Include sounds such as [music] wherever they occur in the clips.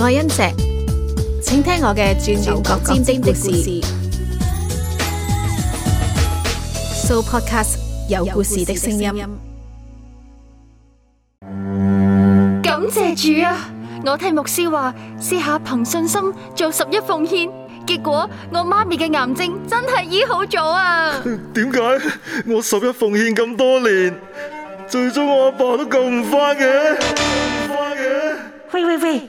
愛恩石，請聽我嘅轉轉角尖尖的故事。So podcast 有故事的聲音。感謝主啊！我聽牧師話，試下憑信心做十一奉獻，結果我媽咪嘅癌症真係醫好咗啊！點解？我十一奉獻咁多年，最終我阿爸都救唔翻嘅，救唔翻嘅。喂喂喂！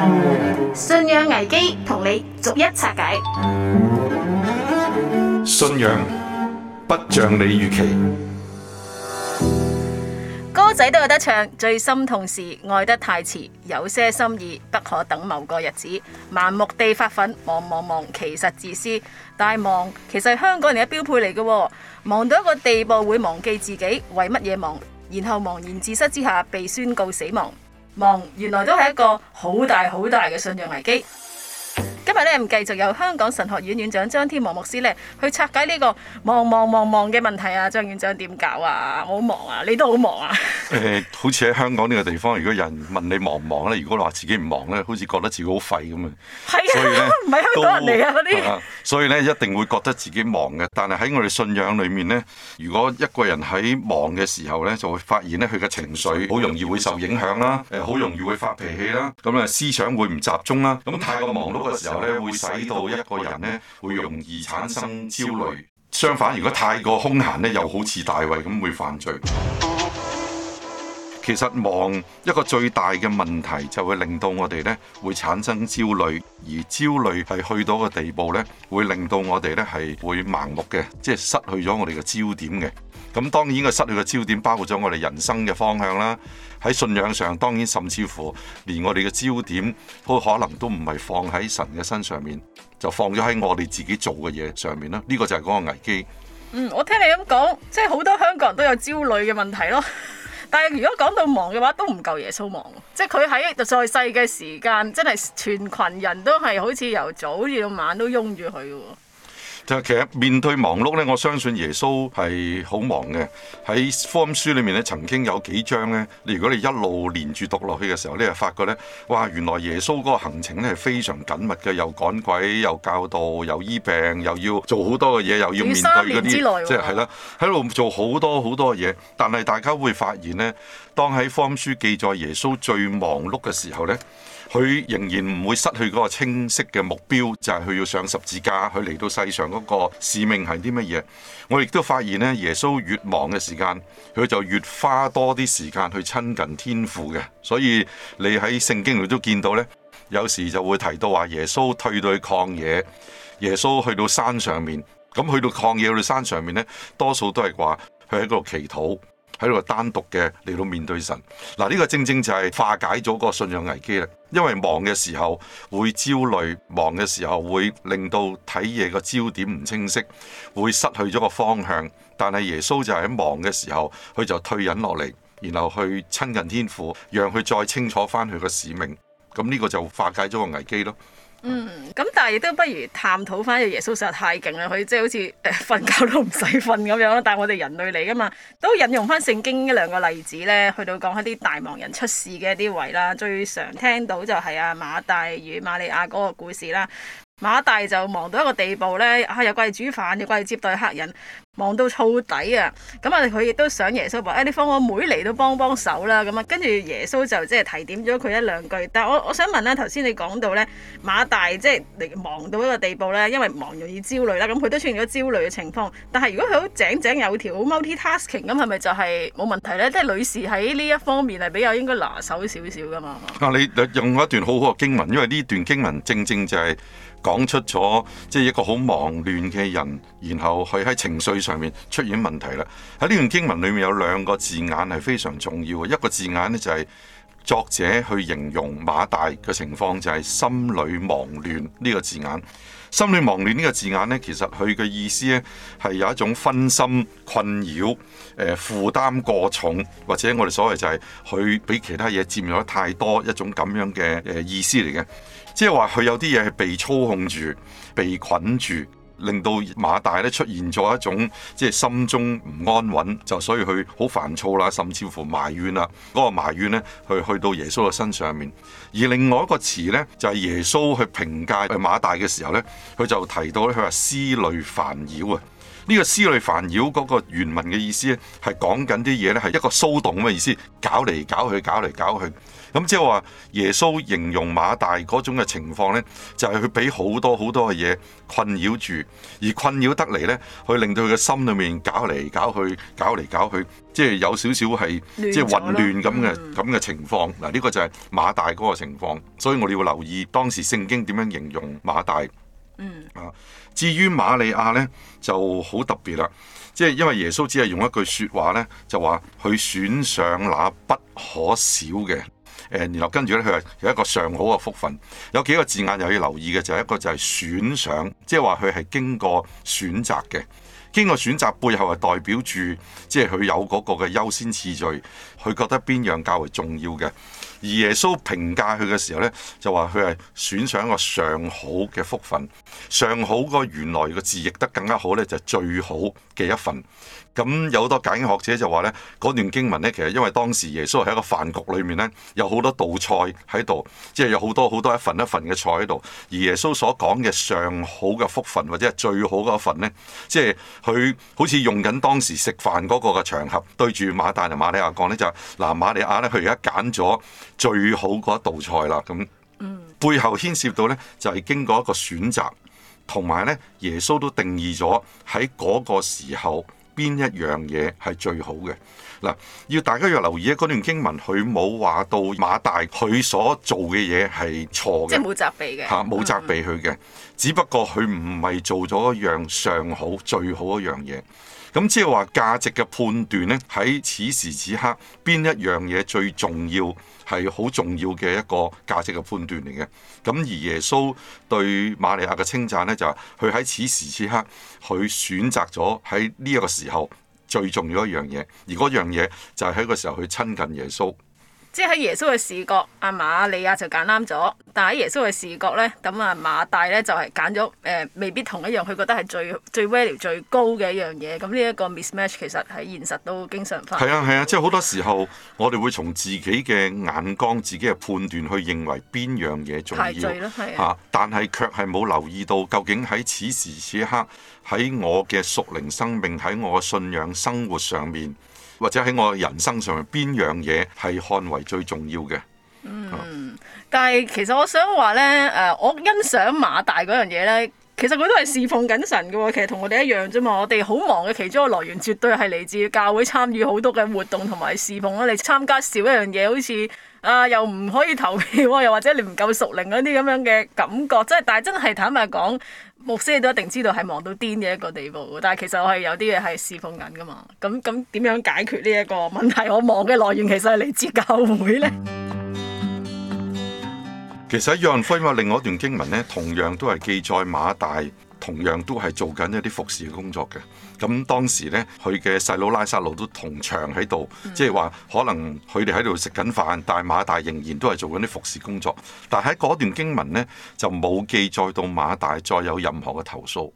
信仰危機同你逐一拆解。信仰不像你預期。歌仔都有得唱，最心痛是愛得太遲，有些心意不可等某個日子。盲目地發奮，忙忙忙，其實自私。但係忙，其實係香港人嘅標配嚟嘅喎。忙到一個地步會忘記自己為乜嘢忙，然後茫然自失之下被宣告死亡。忙原來都係一個好大好大嘅信仰危機。今日咧唔繼續由香港神學院院長張天王牧師咧去拆解呢個忙忙忙忙嘅問題啊！張院長點搞啊？我好忙啊！你都好忙啊！誒、 [laughs] 欸，好似喺香港呢個地方，如果人問你忙唔忙咧，如果你話自己唔忙咧，好似覺得自己好廢咁啊！係啊，所以咧唔係香港人嚟，啊嗰啲。所以咧，一定會覺得自己忙嘅。但係喺我哋信仰裏面咧，如果一個人喺忙嘅時候咧，就會發現咧佢嘅情緒好容易會受影響啦，誒好容易會發脾氣啦，咁啊思想會唔集中啦。咁太過忙碌嘅時候咧，會使到一個人咧會容易產生焦慮。相反，如果太過空閒咧，又好似大衛咁會犯罪。其實忙一個最大嘅問題，就會令到我哋咧會產生焦慮，而焦慮係去到個地步咧，會令到我哋咧係會盲目嘅，即係失去咗我哋嘅焦點嘅。咁當然個失去嘅焦點，包括咗我哋人生嘅方向啦，喺信仰上，當然甚至乎連我哋嘅焦點好可能都唔係放喺神嘅身上面，就放咗喺我哋自己做嘅嘢上面啦。呢個就係嗰個危機。嗯，我聽你咁講，即係好多香港人都有焦慮嘅問題咯。但係如果講到忙嘅話，都唔夠耶穌忙喎，即係佢喺在世嘅時間，真係全群人都係好似由早好似到晚都擁住佢喎。就其實面對忙碌咧，我相信耶穌係好忙嘅。喺福音書裏面咧，曾經有幾章咧，你如果你一路連住讀落去嘅時候咧，就發覺咧，哇！原來耶穌個行程咧係非常緊密嘅，又趕鬼，又教導，又醫病，又要做好多嘅嘢，又要面對啲，即係係啦，喺度、就是、做好多好多嘢。但係大家會發現咧，當喺福音書記載耶穌最忙碌嘅時候咧，佢仍然唔會失去個清晰嘅目標，就係、是、佢要上十字架，佢嚟到世上。嗰個使命係啲乜嘢？我亦都發現咧，耶穌越忙嘅時間，佢就越花多啲時間去親近天父嘅。所以你喺聖經裏都見到咧，有時就會提到話耶穌退到去曠野，耶穌去到山上面，咁去到曠野去到山上面咧，多數都係話佢喺嗰度祈禱。喺度單獨嘅嚟到面對神，嗱、啊、呢、這個正正就係化解咗個信仰危機啦。因為忙嘅時候會焦慮，忙嘅時候會令到睇嘢個焦點唔清晰，會失去咗個方向。但係耶穌就係喺忙嘅時候，佢就退隱落嚟，然後去親近天父，讓佢再清楚翻佢個使命。咁、嗯、呢、這個就化解咗個危機咯。嗯，咁但係亦都不如探討翻，耶穌實在太勁啦，佢即係好似誒瞓覺都唔使瞓咁樣啦。但係我哋人類嚟噶嘛，都引用翻聖經一兩個例子呢，去到講一啲大忙人出事嘅一啲位啦。最常聽到就係阿馬大與馬利亞嗰個故事啦。馬大就忙到一個地步咧，啊又掛住煮飯，又掛住接待客人，忙到燥底啊。咁、嗯、啊，佢亦都想耶穌話：，哎，你放我妹嚟都幫幫手啦。咁、嗯、啊，跟住耶穌就即係提點咗佢一兩句。但係我我想問咧，頭先你講到咧馬大即係忙到一個地步咧，因為忙容易焦慮啦。咁、嗯、佢都出現咗焦慮嘅情況。但係如果佢好井井有條，好 multi-tasking 咁、嗯，係咪就係冇問題咧？即係女士喺呢一方面係比較應該拿手少少噶嘛？啊，你用一段好好嘅經文，因為呢段經文正正正就係、是。講出咗即係一個好忙亂嘅人，然後佢喺情緒上面出現問題啦。喺呢段經文裡面有兩個字眼係非常重要嘅，一個字眼呢，就係作者去形容馬大嘅情況，就係心裏忙亂呢個字眼。心亂忙亂呢個字眼呢，其實佢嘅意思呢，係有一種分心困擾，誒、呃、負擔過重，或者我哋所謂就係佢俾其他嘢佔用咗太多一種咁樣嘅誒意思嚟嘅，即係話佢有啲嘢係被操控住、被捆住。令到馬大咧出現咗一種即係心中唔安穩，就所以佢好煩躁啦，甚至乎埋怨啦。嗰個埋怨咧，佢去到耶穌嘅身上面。而另外一個詞呢，就係耶穌去評價馬大嘅時候呢，佢就提到咧，佢話思慮煩擾。呢個思慮煩擾嗰個原文嘅意思咧，係講緊啲嘢咧，係一個騷動嘅意思，搞嚟搞去，搞嚟搞去。咁即係話耶穌形容馬大嗰種嘅情況咧，就係佢俾好多好多嘅嘢困擾住，而困擾得嚟咧，去令到佢嘅心裏面搞嚟搞去，搞嚟搞去，即係有少少係即係混亂咁嘅咁嘅情況。嗱，呢個就係馬大嗰個情況，所以我哋要留意當時聖經點樣形容馬大。嗯。啊。至於瑪利亞呢，就好特別啦，即係因為耶穌只係用一句説話呢，就話去選上那不可少嘅，誒然後，然後跟住呢，佢係有一個上好嘅福分。有幾個字眼又要留意嘅，就係、是、一個就係選上，即係話佢係經過選擇嘅。經過選擇背後係代表住，即係佢有嗰個嘅優先次序，佢覺得邊樣較為重要嘅。而耶穌評價佢嘅時候呢，就話佢係選上一個上好嘅福分。上好個原來個字譯得更加好呢，就係、是、最好嘅一份。咁有好多解經學者就話呢，嗰段經文呢，其實因為當時耶穌喺一個飯局裏面呢，有好多道菜喺度，即係有好多好多一份一份嘅菜喺度。而耶穌所講嘅上好嘅福分或者係最好嗰一份呢，即係。佢好似用緊當時食飯嗰個嘅場合，對住馬大同馬利亞講呢，就係、是、嗱、啊、馬利亞呢，佢而家揀咗最好嗰一道菜啦，咁背後牽涉到呢，就係、是、經過一個選擇，同埋呢耶穌都定義咗喺嗰個時候邊一樣嘢係最好嘅。嗱，要大家要留意一段經文，佢冇話到馬大佢所做嘅嘢係錯嘅，即係冇責備嘅，嚇冇責備佢嘅，嗯、只不過佢唔係做咗一樣上好最好一樣嘢。咁即係話價值嘅判斷咧，喺此時此刻邊一樣嘢最重要係好重要嘅一個價值嘅判斷嚟嘅。咁而耶穌對馬利亞嘅稱讚咧，就係佢喺此時此刻佢選擇咗喺呢一個時候。最重要一樣嘢，而嗰樣嘢就係喺個時候去親近耶穌。即係喺耶穌嘅視角，阿瑪利亞就揀啱咗，但喺耶穌嘅視角呢，咁啊馬大呢就係揀咗誒，未必同一樣，佢覺得係最最 value 最高嘅一樣嘢。咁呢一個 mismatch 其實喺現實都經常發生。係啊係啊，啊，即好多時候我哋會從自己嘅眼光、自己嘅判斷去認為邊樣嘢重要，嚇，啊、但係卻係冇留意到究竟喺此時此刻，喺我嘅屬靈生命，喺我信仰生活上面，或者喺我人生上面，邊樣嘢係看為最重要嘅？嗯，但係其實我想話呢，誒，我欣賞馬大嗰樣嘢呢，其實佢都係侍奉緊神嘅喎，其實同我哋一樣啫嘛。我哋好忙嘅，其中嘅來源絕對係嚟自教會參與好多嘅活動同埋侍奉啦。你參加少一樣嘢，好似啊又唔可以投票喎，又或者你唔夠熟靈嗰啲咁樣嘅感覺，但真係，但係真係坦白講。牧師你都一定知道係忙到癲嘅一個地步，但係其實我係有啲嘢係侍奉緊噶嘛。咁咁點樣解決呢一個問題？我忙嘅來源其實係嚟自教會呢。其實喺楊潤輝話另外一段經文呢，同樣都係記載馬大。同樣都係做緊一啲服侍嘅工作嘅。咁當時呢，佢嘅細佬拉撒路都同場喺度，即係話可能佢哋喺度食緊飯，但係馬大仍然都係做緊啲服侍工作。但喺嗰段經文呢，就冇記載到馬大再有任何嘅投訴。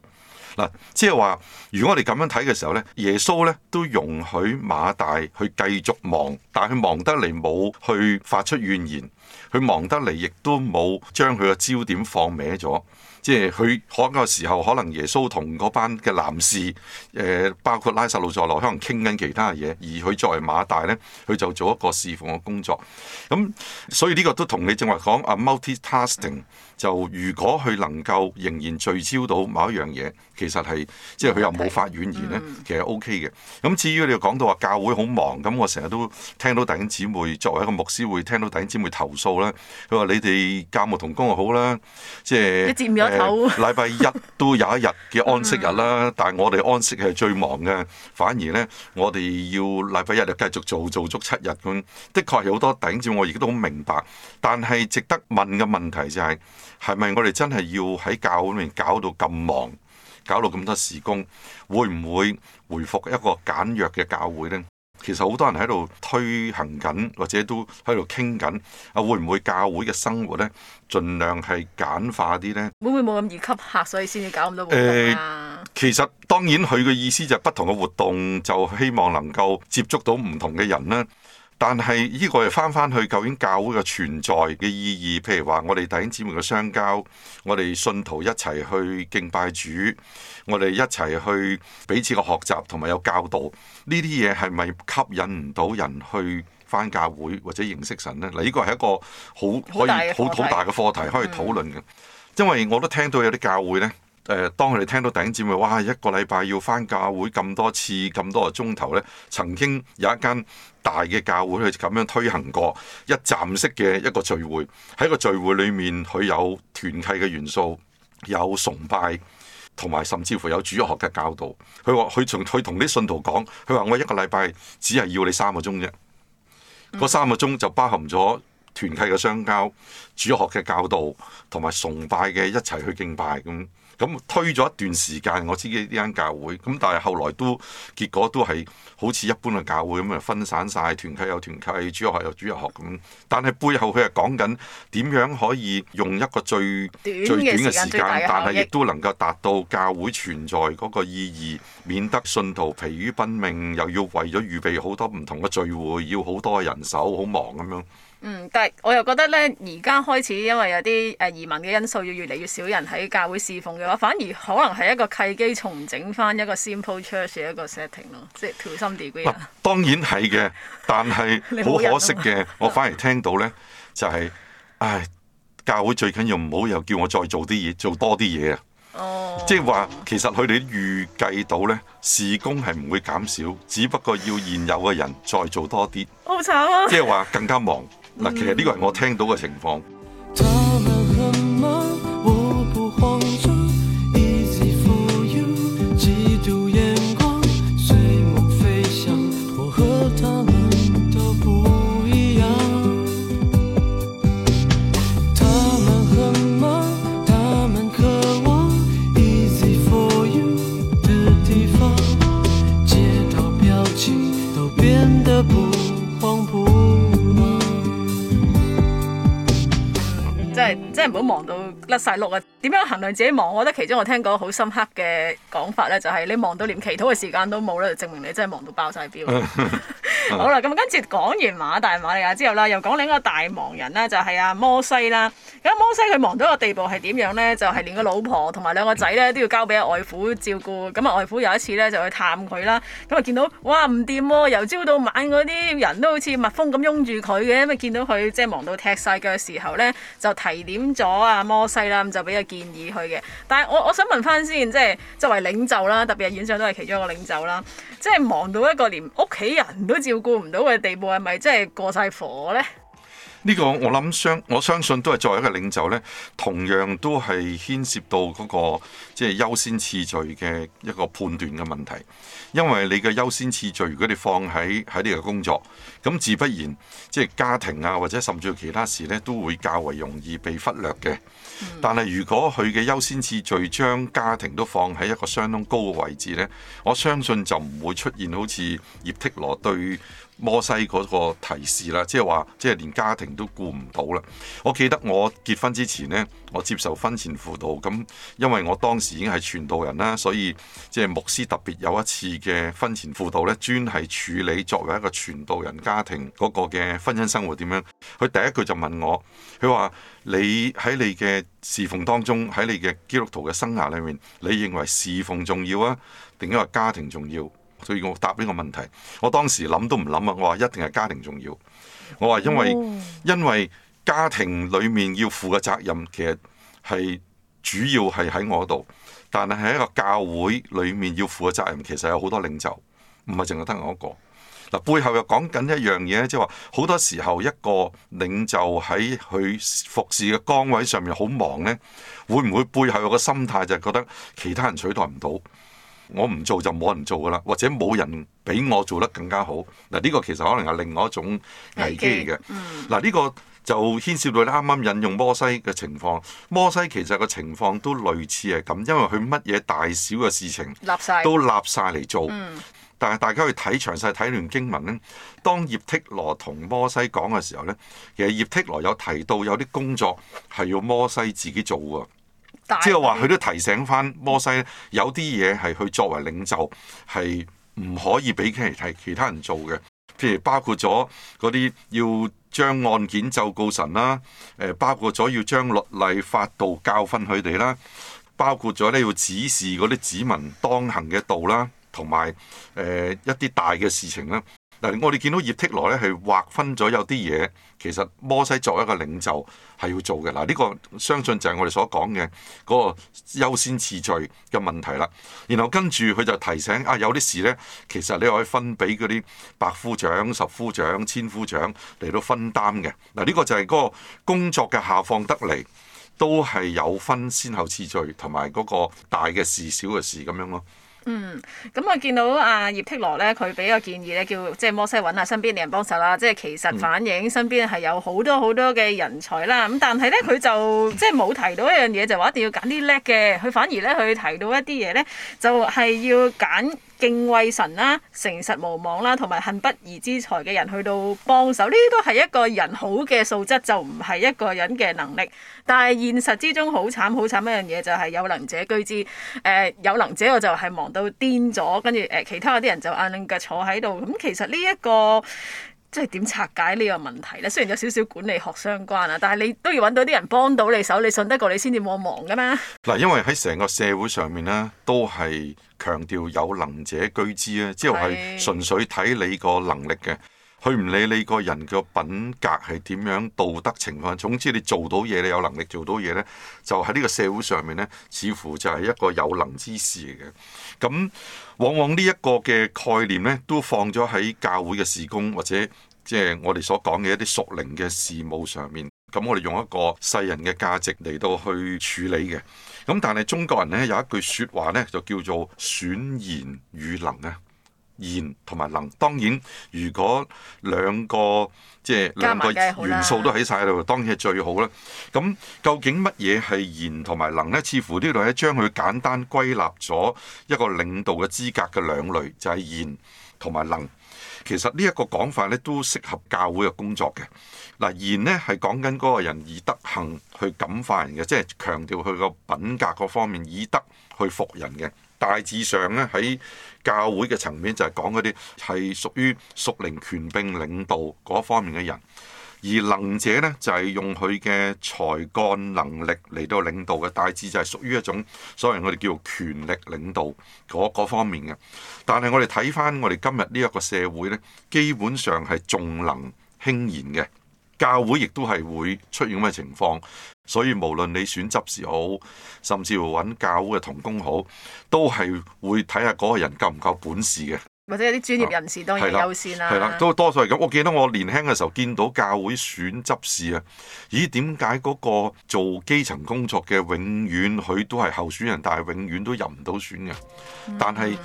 嗱，即係話，如果我哋咁樣睇嘅時候呢，耶穌呢都容許馬大去繼續忙，但係佢忙得嚟冇去發出怨言，佢忙得嚟亦都冇將佢嘅焦點放歪咗。即係佢嗰個時候，可能耶穌同嗰班嘅男士，誒包括拉撒路在內，可能傾緊其他嘢，而佢作為馬大咧，佢就做一個侍奉嘅工作。咁、嗯、所以呢個都同你正話講啊，multi-tasking 就如果佢能夠仍然聚焦到某一樣嘢，其實係即係佢又冇法婉言咧，嗯、其實 O.K. 嘅。咁、嗯嗯、至於你又講到話教會好忙，咁我成日都聽到弟兄姊妹作為一個牧師會聽到弟兄姊妹投訴啦，佢話你哋教牧同工又好啦，即係。禮拜一都有一日嘅安息日啦，但係我哋安息係最忙嘅，反而呢我哋要禮拜一就繼續做做足七日咁，的確係好多頂住，我而家都好明白。但係值得問嘅問題就係，係咪我哋真係要喺教會裏面搞到咁忙，搞到咁多事工，會唔會回復一個簡約嘅教會呢？其實好多人喺度推行緊，或者都喺度傾緊啊，會唔會教會嘅生活呢，盡量係簡化啲呢？會唔會冇咁易吸客，所以先至搞咁多活動啊？欸，其實當然佢嘅意思就係不同嘅活動，就希望能夠接觸到唔同嘅人呢。但係呢個又翻翻去究竟教會嘅存在嘅意義，譬如話我哋弟兄姊妹嘅相交，我哋信徒一齊去敬拜主，我哋一齊去彼此嘅學習同埋有教導，呢啲嘢係咪吸引唔到人去翻教會或者認識神呢？嗱，呢個係一個好可以好好大嘅課，課題可以討論嘅，因為我都聽到有啲教會呢。誒，當佢哋聽到頂尖嘅，哇！一個禮拜要返教會咁多次，咁多個鐘頭咧，曾經有一間大嘅教會去咁樣推行過一站式嘅一個聚會。喺個聚會裏面，佢有團契嘅元素，有崇拜，同埋甚至乎有主學嘅教導。佢話：佢從佢同啲信徒講，佢話我一個禮拜只係要你三個鐘啫。嗰三個鐘就包含咗團契嘅相交、主學嘅教導，同埋崇拜嘅一齊去敬拜咁。咁推咗一段時間，我自己呢間教會，咁但係後來都結果都係好似一般嘅教會咁啊，分散晒，團契有團契，主日學有主日學咁。但係背後佢係講緊點樣可以用一個最最短嘅時間，時間但係亦都能夠達到教會存在嗰個意義，免得信徒疲於奔命，又要為咗預備好多唔同嘅聚會，要好多人手，好忙咁樣。嗯，但係我又覺得咧，而家開始因為有啲誒移民嘅因素，要越嚟越少人喺教會侍奉嘅話，反而可能係一個契機，重整翻一個 simple church 嘅一個 setting 咯，即係調心 d 當然係嘅，但係好可惜嘅，啊、 [laughs] 我反而聽到咧就係、是、唉、哎，教會最緊要唔好又叫我再做啲嘢，做多啲嘢啊，即係話其實佢哋預計到咧事工係唔會減少，只不過要現有嘅人再做多啲，好慘啊！即係話更加忙。嗱，其實呢個係我聽到嘅情況。即係，真係唔好忙到甩晒碌啊！點樣衡量自己忙？我覺得其中我聽過好深刻嘅講法咧，就係、是、你忙到連祈禱嘅時間都冇咧，就證明你真係忙到爆晒表。 [laughs] 好啦，咁跟住講完馬大馬利亞之後啦，又講另一個大忙人咧，就係阿摩西啦。咁摩西佢忙到個地步係點樣咧？就係連個老婆同埋兩個仔咧都要交俾外父照顧。咁啊外父有一次咧就去探佢啦，咁啊見到哇唔掂，哦，由朝到晚嗰啲人都好似蜜蜂咁擁住佢嘅，咁啊見到佢即係忙到踢晒腳嘅時候咧，就提點咗阿摩西啦，咁就俾建議去嘅，但係我我想問翻先，即係作為領袖啦，特別係院長都係其中一個領袖啦，即係忙到一個連屋企人都照顧唔到嘅地步，係咪即係過晒火呢？呢個我諗相我相信都係作為一個領袖呢，同樣都係牽涉到嗰個即係優先次序嘅一個判斷嘅問題，因為你嘅優先次序，如果你放喺喺呢個工作。咁自不然，即係家庭啊，或者甚至其他事咧，都會較為容易被忽略嘅。嗯、但係如果佢嘅優先次序將家庭都放喺一個相當高嘅位置咧，我相信就唔會出現好似葉剔羅對摩西嗰個提示啦，即係話即係連家庭都顧唔到啦。我記得我結婚之前咧，我接受婚前輔導，咁因為我當時已經係傳道人啦，所以即係牧師特別有一次嘅婚前輔導咧，專係處理作為一個傳道人家家庭嗰個嘅婚姻生活點樣？佢第一句就問我，佢話你喺你嘅侍奉當中，喺你嘅基督徒嘅生涯裏面，你認為侍奉重要啊，定係家庭重要？所以我答呢個問題，我當時諗都唔諗啊，我話一定係家庭重要。我話因為、嗯、因為家庭裏面要負嘅責任，其實係主要係喺我度，但係喺一個教會裏面要負嘅責任，其實有好多領袖，唔係淨係得我一個。嗱，背後又講緊一樣嘢，即係話好多時候一個領袖喺佢服侍嘅崗位上面好忙呢，會唔會背後有個心態就係覺得其他人取代唔到，我唔做就冇人做噶啦，或者冇人比我做得更加好？嗱，呢個其實可能係另外一種危機嚟嘅。嗱，呢、嗯、個就牽涉到你啱啱引用摩西嘅情況。摩西其實個情況都類似係咁，因為佢乜嘢大小嘅事情都立晒嚟做。但係大家去睇詳細睇段經文咧，當葉剔羅同摩西講嘅時候咧，其實葉剔羅有提到有啲工作係要摩西自己做嘅，即係話佢都提醒返摩西有啲嘢係去作為領袖係唔可以俾其其他人做嘅，譬如包括咗嗰啲要將案件奏告神啦，誒包括咗要將律例法度教訓佢哋啦，包括咗咧要指示嗰啲子民當行嘅道啦。同埋誒一啲大嘅事情啦。嗱、啊、我哋見到葉剔羅咧係劃分咗有啲嘢，其實摩西作一個領袖係要做嘅。嗱、啊、呢、呢個相信就係我哋所講嘅嗰個優先次序嘅問題啦。然後跟住佢就提醒啊，有啲事呢，其實你可以分俾嗰啲百夫長、十夫長、千夫長嚟到分擔嘅。嗱、啊、呢、呢個就係嗰個工作嘅下放得嚟，都係有分先後次序同埋嗰個大嘅事、小嘅事咁樣咯。嗯，咁、嗯、我、嗯嗯、見到阿葉剔羅咧，佢俾個建議咧，叫即係摩西揾下身邊嘅人幫手啦。即係其實反映身邊係有好多好多嘅人才啦。咁、嗯、但係咧，佢就即係冇提到一樣嘢，就話、是、一定要揀啲叻嘅。佢反而咧，佢提到一啲嘢咧，就係、是、要揀。敬畏神啦、啊，誠實無妄啦、啊，同埋恨不義之財嘅人去到幫手，呢啲都係一個人好嘅素質，就唔係一個人嘅能力。但係現實之中好慘好慘一樣嘢就係有能者居之。誒、呃、有能者我就係忙到癲咗，跟住誒其他啲人就硬腳坐喺度。咁其實呢、這、一個即係點拆解呢個問題呢？雖然有少少管理學相關啦，但係你都要揾到啲人幫到你手，你信得過你先至冇忙噶嘛。嗱，因為喺成個社會上面咧，都係。強調有能者居之啊，即係純粹睇你個能力嘅，佢唔理你個人嘅品格係點樣、道德情況。總之，你做到嘢，你有能力做到嘢呢，就喺呢個社會上面呢，似乎就係一個有能之士嘅。咁往往呢一個嘅概念呢，都放咗喺教會嘅事工或者即係我哋所講嘅一啲屬靈嘅事務上面。咁我哋用一個世人嘅價值嚟到去處理嘅。咁但係中國人咧有一句説話咧，就叫做選賢與能啊，賢同埋能，當然如果兩個即係、就是、兩個元素都喺晒度，當然係最好啦。咁究竟乜嘢係賢同埋能咧？似乎呢度咧將佢簡單歸納咗一個領導嘅資格嘅兩類，就係、是、賢同埋能。其實講呢一個講法咧都適合教會嘅工作嘅。嗱，言咧係講緊嗰個人以德行去感化人嘅，即係強調佢個品格嗰方面以德去服人嘅。大致上咧喺教會嘅層面就係講嗰啲係屬於屬靈權柄領導嗰方面嘅人。而能者咧就係、是，用佢嘅才幹能力嚟到領導嘅，大致就係屬於一種所謂，我哋叫做權力領導嗰嗰、那個、方面嘅。但係我哋睇翻我哋今日呢一個社會呢，基本上係重能輕言嘅，教會亦都係會出現咁嘅情況，所以無論你選執事好，甚至乎揾教會嘅同工好，都係會睇下嗰個人夠唔夠本事嘅。或者有啲專業人士、啊、當然優先啦，係啦，都多數係咁。我記得我年輕嘅時候見到教會選執事啊，咦？點解嗰個做基層工作嘅永遠佢都係候選人，但係永遠都入唔到選嘅？但係、嗯、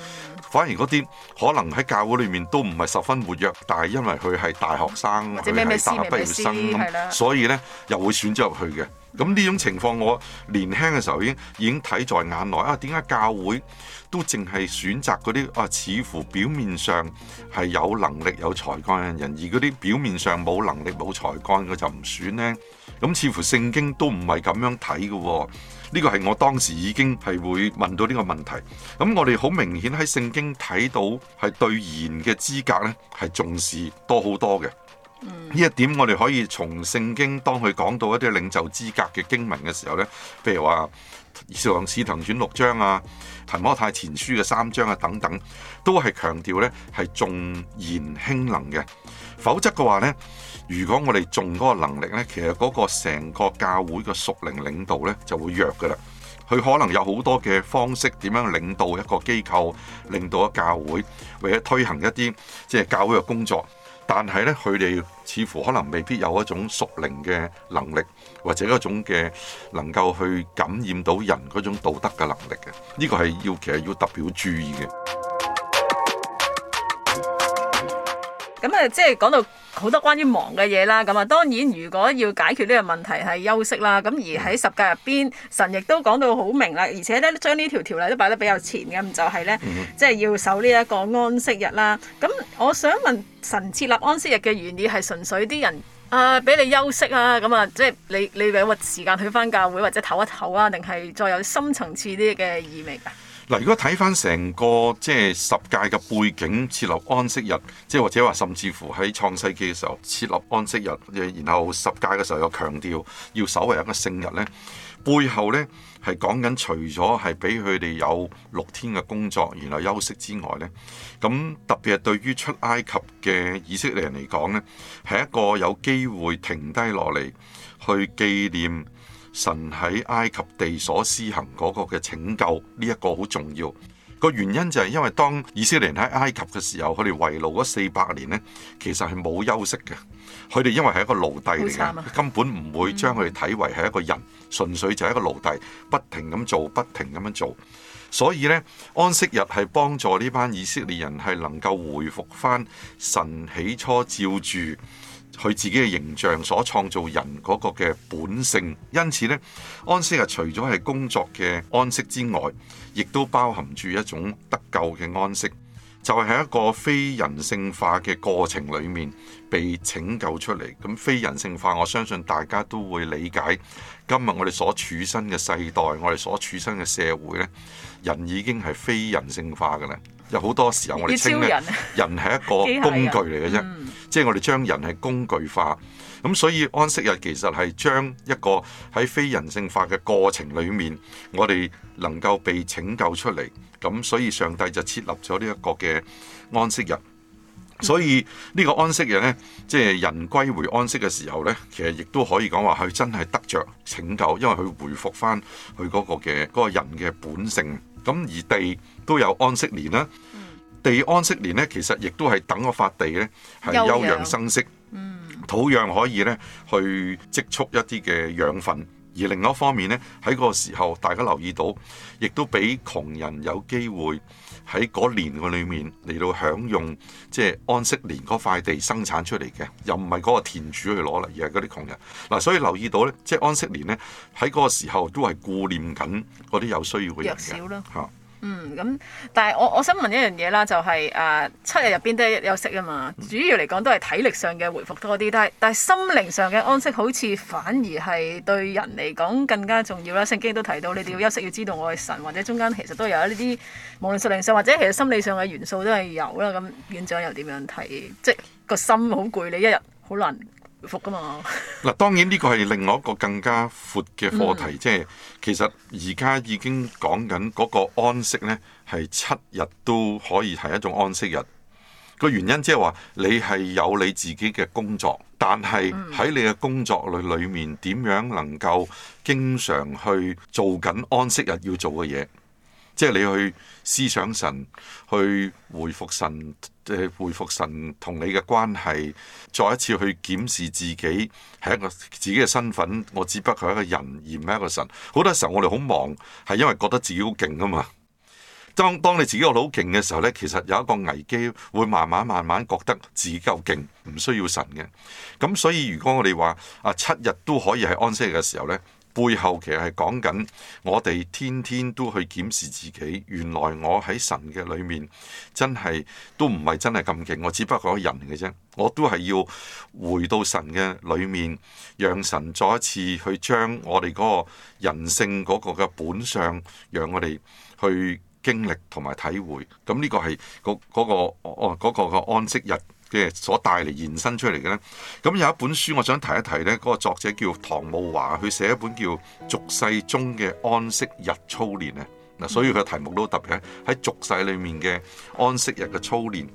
反而嗰啲可能喺教會裏面都唔係十分活躍，但係因為佢係大學生或者咩咩師，所以呢的又會選咗入去嘅。咁呢種情況，我年輕嘅時候已經已經睇在眼內啊！點解教會都淨係選擇嗰啲啊，似乎表面上係有能力有才幹嘅人，而嗰啲表面上冇能力冇才幹嘅就唔選呢？咁似乎聖經都唔係咁樣睇嘅喎。呢個係我當時已經係會問到呢個問題。咁我哋好明顯喺聖經睇到係對言嘅資格呢係重視多好多嘅。呢一點我哋可以從聖經當佢講到一啲領袖資格嘅經文嘅時候呢，譬如話《使徒行傳》六章啊，《提摩太前書》嘅三章啊等等，都係強調呢係重言輕能嘅。否則嘅話呢，如果我哋重嗰個能力呢，其實嗰個成個教會嘅屬靈領導呢就會弱㗎喇。佢可能有好多嘅方式點樣領導一個機構，領導一個教會，為咗推行一啲即係教會嘅工作，但係咧，佢哋似乎可能未必有一種熟練嘅能力，或者嗰種嘅能夠去感染到人嗰種道德嘅能力嘅，呢、這個係要其實要特別注意嘅。咁啊，即係講到好多關於忙嘅嘢啦，咁啊，當然如果要解決呢個問題係休息啦，咁而喺十誡入邊，神亦都講到好明啦，而且咧將呢條條例都擺得比較前嘅，就係咧，即係要守呢一個安息日啦。咁、嗯、我想問神設立安息日嘅原理係純粹啲人啊，俾你休息啊，咁啊，即係你你有個時間去返教會或者唞一唞啊，定係再有深層次啲嘅意味啊？嗱，如果睇翻成個即係十戒嘅背景設立安息日，即係或者話甚至乎喺創世紀嘅時候設立安息日，然後十戒嘅時候又強調要守為一個聖日呢，背後呢係講緊除咗係俾佢哋有六天嘅工作，然後休息之外呢，咁特別係對於出埃及嘅以色列人嚟講，呢係一個有機會停低落嚟去紀念。神喺埃及地所施行嗰個嘅拯救，呢、這、一個好重要。個原因就係因為當以色列人喺埃及嘅時候，佢哋圍路為奴嗰四百年咧，其實係冇休息嘅。佢哋因為係一個奴隸嚟嘅，啊、根本唔會將佢哋睇為係一個人，嗯、純粹就係一個奴隸，不停咁做，不停咁樣做。所以咧，安息日係幫助呢班以色列人係能夠恢復翻神起初照住，佢自己嘅形象所創造人嗰個嘅本性，因此咧，安息啊，除咗係工作嘅安息之外，亦都包含住一種得救嘅安息，就係喺一個非人性化嘅過程裡面被拯救出嚟。咁非人性化，我相信大家都會理解。今日我哋所處身嘅世代，我哋所處身嘅社會呢，人已經係非人性化㗎喇。有好多時候我哋稱咧，人係一個工具嚟嘅啫。超 [laughs] 即係我哋將人係工具化，咁所以安息日其實係將一個喺非人性化嘅過程裏面，我哋能夠被拯救出嚟，咁所以上帝就設立咗呢一個嘅安息日。所以呢個安息日呢，即係人歸回安息嘅時候呢，其實亦都可以講話佢真係得着拯救，因為佢回復翻佢嗰個嘅嗰個人嘅本性。咁而地都有安息年啦。地安息年咧，其實亦都係等嗰塊地咧，係休養生息，嗯、土壤可以咧去積蓄一啲嘅養分。而另一方面咧，喺個時候大家留意到，亦都俾窮人有機會喺嗰年嘅裏面嚟到享用，即係安息年嗰塊地生產出嚟嘅，又唔係嗰個田主去攞啦，而係嗰啲窮人嗱、啊，所以留意到咧，即係安息年咧喺嗰個時候都係顧念緊嗰啲有需要嘅人嘅嚇。嗯，咁但係我我想問一樣嘢啦，就係、是、誒、呃、七日入邊都係休息啊嘛，主要嚟講都係體力上嘅回復多啲，但係但係心靈上嘅安息好似反而係對人嚟講更加重要啦。聖經都提到你哋要休息，要知道我係神，或者中間其實都有呢啲無論心靈上或者其實心理上嘅元素都係有啦。咁院長又點樣睇？即係個心好攰，你一日好難。福噶嘛？嗱，當然呢個係另外一個更加闊嘅課題，嗯、即係其實而家已經講緊嗰個安息呢，係七日都可以係一種安息日。個原因即係話你係有你自己嘅工作，但係喺你嘅工作裏裏面點樣能夠經常去做緊安息日要做嘅嘢？即係你去思想神，去回復神，即係，回復神同你嘅關係，再一次去檢視自己係一個自己嘅身份。我只不過係一個人，而唔係一個神。好多時候我哋好忙，係因為覺得自己好勁啊嘛。當當你自己覺得好勁嘅時候呢，其實有一個危機，會慢慢慢慢覺得自己夠勁，唔需要神嘅。咁所以如果我哋話啊七日都可以係安息嘅時候呢，背後其實係講緊我哋天天都去檢視自己，原來我喺神嘅裏面真係都唔係真係咁勁，我只不過係人嘅啫。我都係要回到神嘅裏面，讓神再一次去將我哋嗰個人性嗰個嘅本相，讓我哋去經歷同埋體會。咁呢個係、嗰個、嗰個哦嗰個嘅安息日嘅所帶嚟延伸出嚟嘅呢，咁有一本書我想提一提呢。嗰、那個作者叫唐慕華，佢寫一本叫《俗世中嘅安息日操練》啊，嗱，所以佢嘅題目都特別喺俗世裏面嘅安息日嘅操練。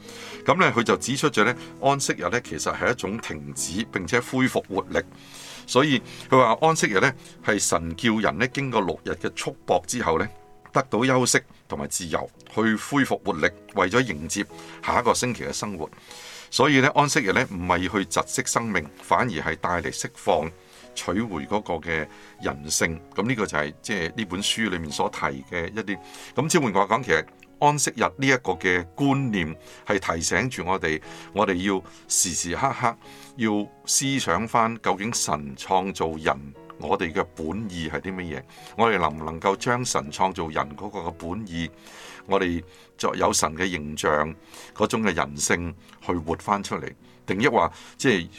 咁呢，佢就指出咗呢：「安息日呢，其實係一種停止並且恢復活力。所以佢話安息日呢，係神叫人呢經過六日嘅束縛之後呢，得到休息同埋自由去恢復活力，為咗迎接下一個星期嘅生活。所以咧安息日咧唔係去窒息生命，反而係帶嚟釋放，取回嗰個嘅人性。咁呢個就係即係呢本書裏面所提嘅一啲。咁轉換話講，其實安息日呢一個嘅觀念係提醒住我哋，我哋要時時刻刻要思想翻，究竟神創造人，我哋嘅本意係啲乜嘢？我哋能唔能夠將神創造人嗰個嘅本意？我哋作有神嘅形象嗰種嘅人性去活翻出嚟，定抑或即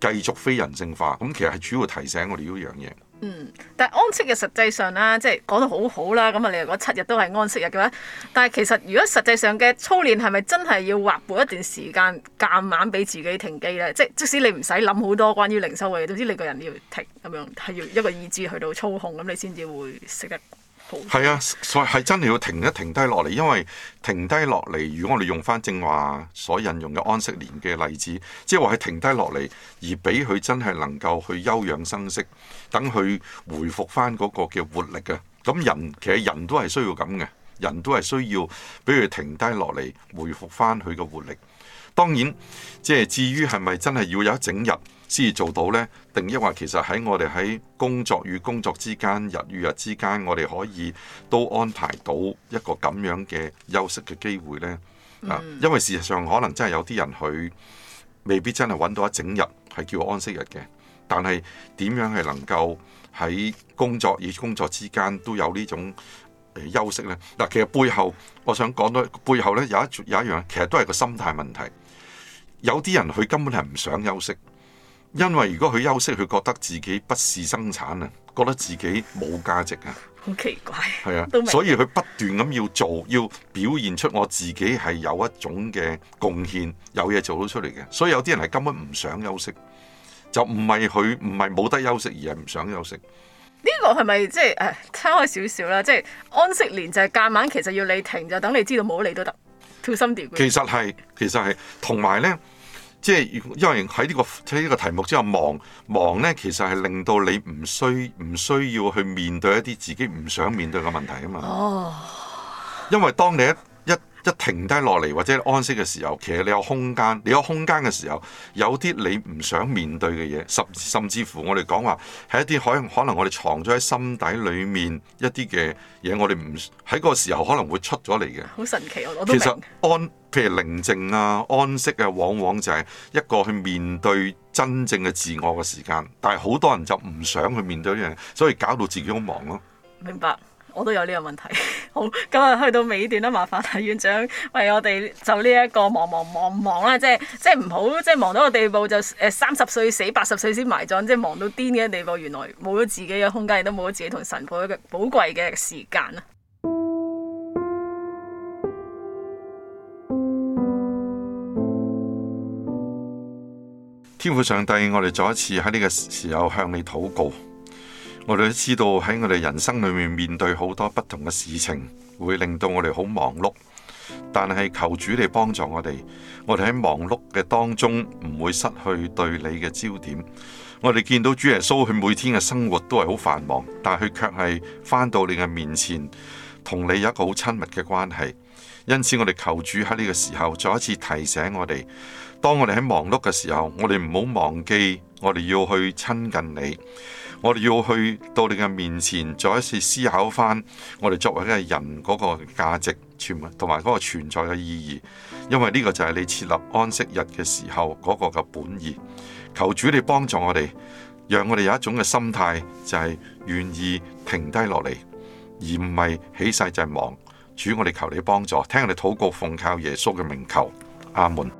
係繼續非人性化？咁其實係主要提醒我哋呢樣嘢。嗯，但安息日實際上啦，即係講得好好啦，咁啊你話七日都係安息日嘅話，但係其實如果實際上嘅操練係咪真係要劃撥一段時間夾晚俾自己停機咧？即即使你唔使諗好多關於靈修嘅嘢，總之你個人要停，咁樣係要一個意志去到操控，咁你先至會識得。係啊，所以真係要停一停低落嚟，因為停低落嚟，如果我哋用翻正話所引用嘅安息年嘅例子，即係話係停低落嚟而俾佢真係能夠去休養生息，等佢回復翻嗰個嘅活力啊。咁人其實人都係需要咁嘅，人都係需要，俾佢停低落嚟回復翻佢嘅活力。當然，即係至於係咪真係要有一整日？先至做到呢，定抑或其實喺我哋喺工作與工作之間，日與日之間，我哋可以都安排到一個咁樣嘅休息嘅機會呢？啊，因為事實上可能真係有啲人佢未必真係揾到一整日係叫安息日嘅，但係點樣係能夠喺工作與工作之間都有呢種休息呢？嗱，啊，其實背後我想講到背後呢，有一有一樣，其實都係個心態問題。有啲人佢根本係唔想休息。因為如果佢休息，佢覺得自己不是生產啊，覺得自己冇價值啊，好奇怪。係啊的，所以佢不斷咁要做，要表現出我自己係有一種嘅貢獻，有嘢做到出嚟嘅。所以有啲人係根本唔想休息，就唔係佢唔係冇得休息，而係唔想休息。呢個係咪即係誒，差開少少啦，即係安息年就係夾晚，其實要你停，就等你知道冇你都得 to some degree。其實係，其實係，同埋呢。即係因為喺呢個喺呢個題目之後忙忙咧，其實係令到你唔需唔需要去面對一啲自己唔想面對嘅問題啊嘛。Oh. 因為當你一一停低落嚟或者安息嘅時候，其實你有空間，你有空間嘅時候，有啲你唔想面對嘅嘢，甚甚至乎我哋講話係一啲可可能我哋藏咗喺心底裏面一啲嘅嘢，我哋唔喺個時候可能會出咗嚟嘅。好神奇，我我都明。其實安，譬如寧靜啊、安息啊，往往就係一個去面對真正嘅自我嘅時間，但係好多人就唔想去面對呢樣嘢，所以搞到自己好忙咯、啊。明白。我都有呢個問題，好，今日去到尾段啦，麻煩大院長為我哋就呢一個忙忙忙忙啦，即係即係唔好，即係忙到個地步就誒，三十歲死八十歲先埋葬，即係忙到癲嘅地步，原來冇咗自己嘅空間，亦都冇咗自己同神父嘅寶貴嘅時間啦。天父上帝，我哋再一次喺呢個時候向你禱告。我哋都知道喺我哋人生裏面面對好多不同嘅事情，會令到我哋好忙碌。但係求主嚟幫助我哋，我哋喺忙碌嘅當中唔會失去對你嘅焦點。我哋見到主耶穌，佢每天嘅生活都係好繁忙，但係佢卻係翻到你嘅面前，同你有一個好親密嘅關係。因此，我哋求主喺呢個時候再一次提醒我哋，當我哋喺忙碌嘅時候，我哋唔好忘記我哋要去親近你。我哋要去到你嘅面前，再一次思考翻我哋作為一個人嗰個價值，同埋嗰個存在嘅意義，因為呢個就係你設立安息日嘅時候嗰個嘅本意。求主你幫助我哋，讓我哋有一種嘅心態就係、是、願意停低落嚟，而唔係起勢就係忙。主，我哋求你幫助，聽我哋禱告，奉靠耶穌嘅名求，阿門。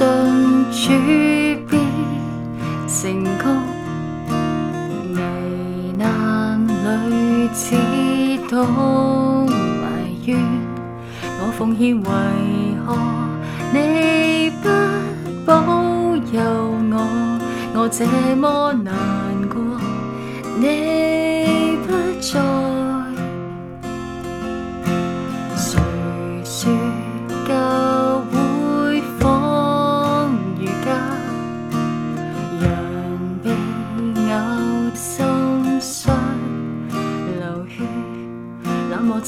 信主必成功，危難裏只懂埋怨。我奉獻為何你不保佑我？我這麼難過，你。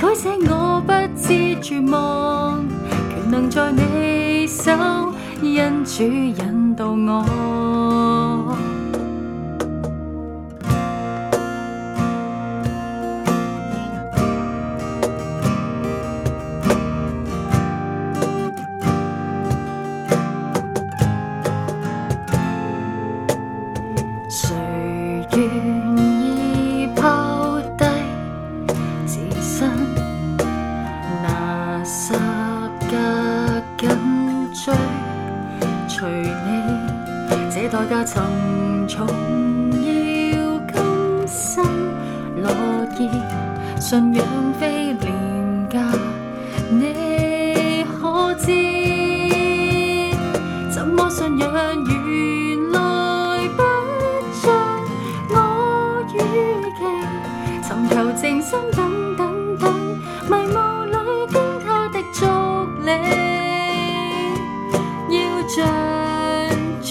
改寫我不知絕望，權能在你手，因主引導我。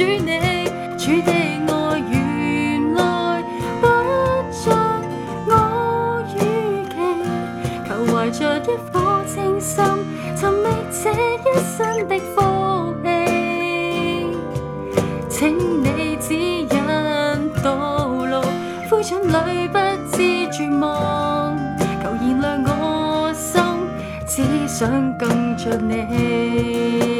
主你的愛原來不在我預期，求懷着一顆清心，尋覓這一生的福氣，請你指引道路，灰塵裏不知絕望，求燃亮我心，只想跟着你。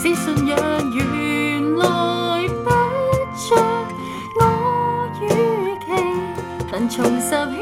是信仰原來不盡我預期，能重拾。 [noise]